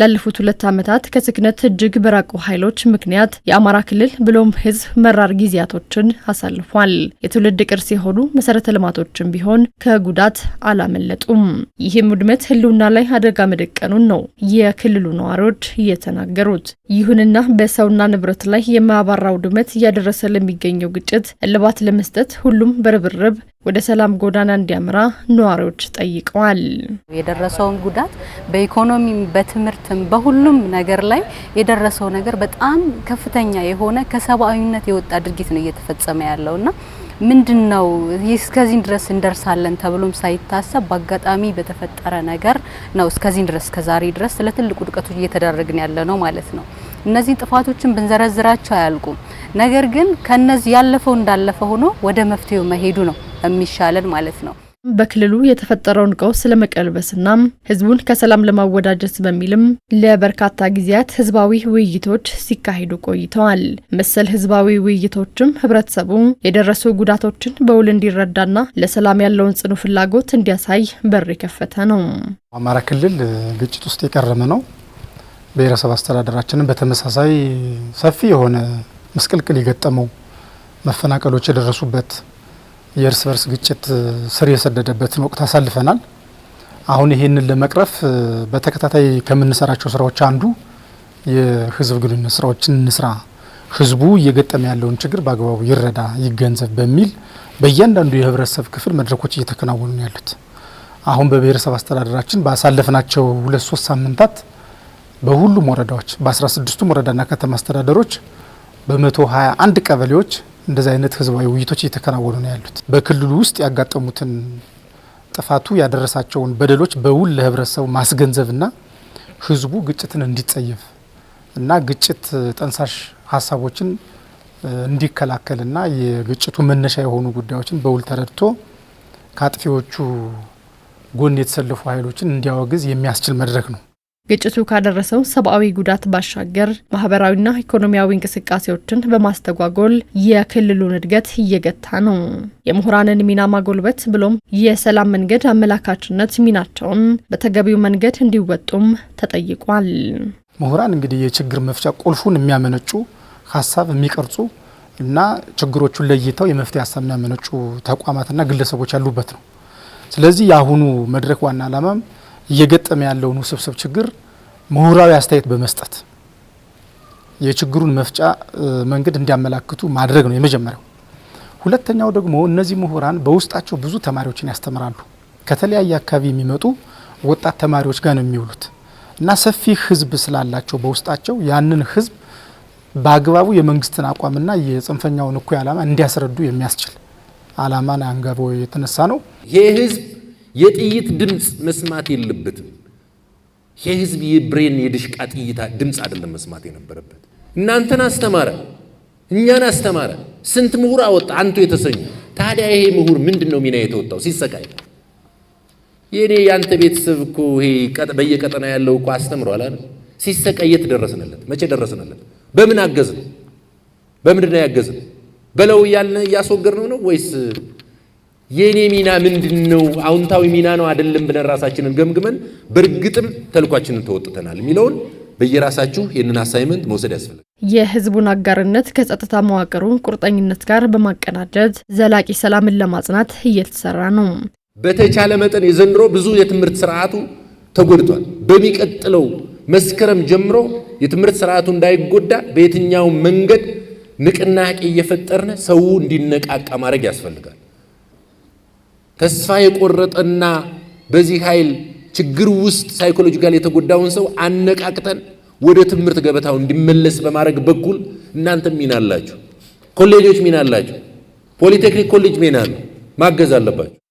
ላለፉት ሁለት ዓመታት ከስክነት እጅግ በራቁ ኃይሎች ምክንያት የአማራ ክልል ብሎም ሕዝብ መራር ጊዜያቶችን አሳልፏል። የትውልድ ቅርስ የሆኑ መሰረተ ልማቶችን ቢሆን ከጉዳት አላመለጡም። ይህም ውድመት ህልውና ላይ አደጋ መደቀኑን ነው የክልሉ ነዋሪዎች እየተናገሩት። ይሁንና በሰውና ንብረት ላይ የማያባራ ውድመት እያደረሰ ለሚገኘው ግጭት እልባት ለመስጠት ሁሉም በርብርብ ወደ ሰላም ጎዳና እንዲያምራ ነዋሪዎች ጠይቀዋል። የደረሰውን ጉዳት በኢኮኖሚ በትምህርት በትምህርትም በሁሉም ነገር ላይ የደረሰው ነገር በጣም ከፍተኛ የሆነ ከሰብአዊነት የወጣ ድርጊት ነው እየተፈጸመ ያለው እና ምንድን ነው እስከዚህ ድረስ እንደርሳለን ተብሎም ሳይታሰብ በአጋጣሚ በተፈጠረ ነገር ነው እስከዚህን ድረስ ከዛሬ ድረስ ለትልቁ ትልቅ ውድቀቶች እየተዳረግን ያለ ነው ማለት ነው። እነዚህ ጥፋቶችን ብንዘረዝራቸው አያልቁም። ነገር ግን ከነዚህ ያለፈው እንዳለፈ ሆኖ ወደ መፍትሄው መሄዱ ነው የሚሻለን ማለት ነው። በክልሉ የተፈጠረውን ቀውስ ለመቀልበስና ህዝቡን ከሰላም ለማወዳጀት በሚልም ለበርካታ ጊዜያት ህዝባዊ ውይይቶች ሲካሄዱ ቆይተዋል። መሰል ህዝባዊ ውይይቶችም ህብረተሰቡ የደረሱ ጉዳቶችን በውል እንዲረዳና ለሰላም ያለውን ጽኑ ፍላጎት እንዲያሳይ በር የከፈተ ነው። አማራ ክልል ግጭት ውስጥ የቀረመ ነው። ብሔረሰብ አስተዳደራችንን በተመሳሳይ ሰፊ የሆነ ምስቅልቅል የገጠመው መፈናቀሎች የደረሱበት የእርስ በርስ ግጭት ስር የሰደደበትን ወቅት አሳልፈናል። አሁን ይሄንን ለመቅረፍ በተከታታይ ከምንሰራቸው ስራዎች አንዱ የህዝብ ግንኙነት ስራዎችን እንስራ፣ ህዝቡ እየገጠመ ያለውን ችግር በአግባቡ ይረዳ፣ ይገንዘብ በሚል በእያንዳንዱ የህብረተሰብ ክፍል መድረኮች እየተከናወኑ ያሉት። አሁን በብሔረሰብ አስተዳደራችን ባሳለፍናቸው ሁለት ሶስት ሳምንታት በሁሉም ወረዳዎች በ16ቱም ወረዳና ከተማ አስተዳደሮች በመቶ ሀያ አንድ ቀበሌዎች እንደዚህ አይነት ህዝባዊ ውይይቶች እየተከናወኑ ነው ያሉት። በክልሉ ውስጥ ያጋጠሙትን ጥፋቱ ያደረሳቸውን በደሎች በውል ለህብረተሰቡ ማስገንዘብና ህዝቡ ግጭትን እንዲጸየፍ እና ግጭት ጠንሳሽ ሀሳቦችን እንዲከላከልና የግጭቱ መነሻ የሆኑ ጉዳዮችን በውል ተረድቶ ከአጥፊዎቹ ጎን የተሰለፉ ኃይሎችን እንዲያወግዝ የሚያስችል መድረክ ነው። ግጭቱ ካደረሰው ሰብአዊ ጉዳት ባሻገር ማህበራዊና ኢኮኖሚያዊ እንቅስቃሴዎችን በማስተጓጎል የክልሉን እድገት እየገታ ነው። የምሁራንን ሚና ማጎልበት ብሎም የሰላም መንገድ አመላካችነት ሚናቸውን በተገቢው መንገድ እንዲወጡም ተጠይቋል። ምሁራን እንግዲህ የችግር መፍቻ ቁልፉን የሚያመነጩ ሀሳብ የሚቀርጹ እና ችግሮቹን ለይተው የመፍትሄ ሀሳብ የሚያመነጩ ተቋማትና ግለሰቦች ያሉበት ነው። ስለዚህ የአሁኑ መድረክ ዋና ዓላማም እየገጠመ ያለውን ውስብስብ ችግር ምሁራዊ አስተያየት በመስጠት የችግሩን መፍጫ መንገድ እንዲያመላክቱ ማድረግ ነው የመጀመሪያው። ሁለተኛው ደግሞ እነዚህ ምሁራን በውስጣቸው ብዙ ተማሪዎችን ያስተምራሉ። ከተለያየ አካባቢ የሚመጡ ወጣት ተማሪዎች ጋር ነው የሚውሉት እና ሰፊ ህዝብ ስላላቸው በውስጣቸው ያንን ህዝብ በአግባቡ የመንግስትን አቋምና የጽንፈኛውን እኩይ ዓላማ እንዲያስረዱ የሚያስችል ዓላማን አንገቦ የተነሳ ነው ይህ ህዝብ የጥይት ድምፅ መስማት የለበትም። የህዝብ የብሬን የድሽቃ ጥይታ ድምፅ አይደለም መስማት የነበረበት። እናንተን አስተማረ፣ እኛን አስተማረ፣ ስንት ምሁር አወጣ አንቱ የተሰኘ ታዲያ ይሄ ምሁር ምንድን ነው ሚና የተወጣው? ሲሰቃይ የእኔ የአንተ ቤተሰብ እኮ ይሄ በየቀጠና ያለው እኮ አስተምሯል አለ። ሲሰቃይ የት ደረስንለት? መቼ ደረስንለት? በምን አገዝን? በምንድን ነው ያገዝን? በለው እያልን ነው ነው ወይስ የእኔ ሚና ምንድን ነው? አውንታዊ ሚና ነው አይደለም ብለን ራሳችንን ገምግመን በእርግጥም ተልኳችንን ተወጥተናል የሚለውን በየራሳችሁ ይህንን አሳይመንት መውሰድ ያስፈልጋል። የህዝቡን አጋርነት ከጸጥታ መዋቅሩን ቁርጠኝነት ጋር በማቀናጀት ዘላቂ ሰላምን ለማጽናት እየተሰራ ነው። በተቻለ መጠን የዘንድሮ ብዙ የትምህርት ስርዓቱ ተጎድቷል። በሚቀጥለው መስከረም ጀምሮ የትምህርት ስርዓቱ እንዳይጎዳ በየትኛው መንገድ ንቅናቄ እየፈጠርን ሰው እንዲነቃቃ ማድረግ ያስፈልጋል። ተስፋ የቆረጠና በዚህ ኃይል ችግር ውስጥ ሳይኮሎጂካል የተጎዳውን ሰው አነቃቅተን ወደ ትምህርት ገበታው እንዲመለስ በማድረግ በኩል እናንተ ሚና አላችሁ፣ ኮሌጆች ሚና አላችሁ፣ ፖሊቴክኒክ ኮሌጅ ሚና ማገዝ አለባችሁ።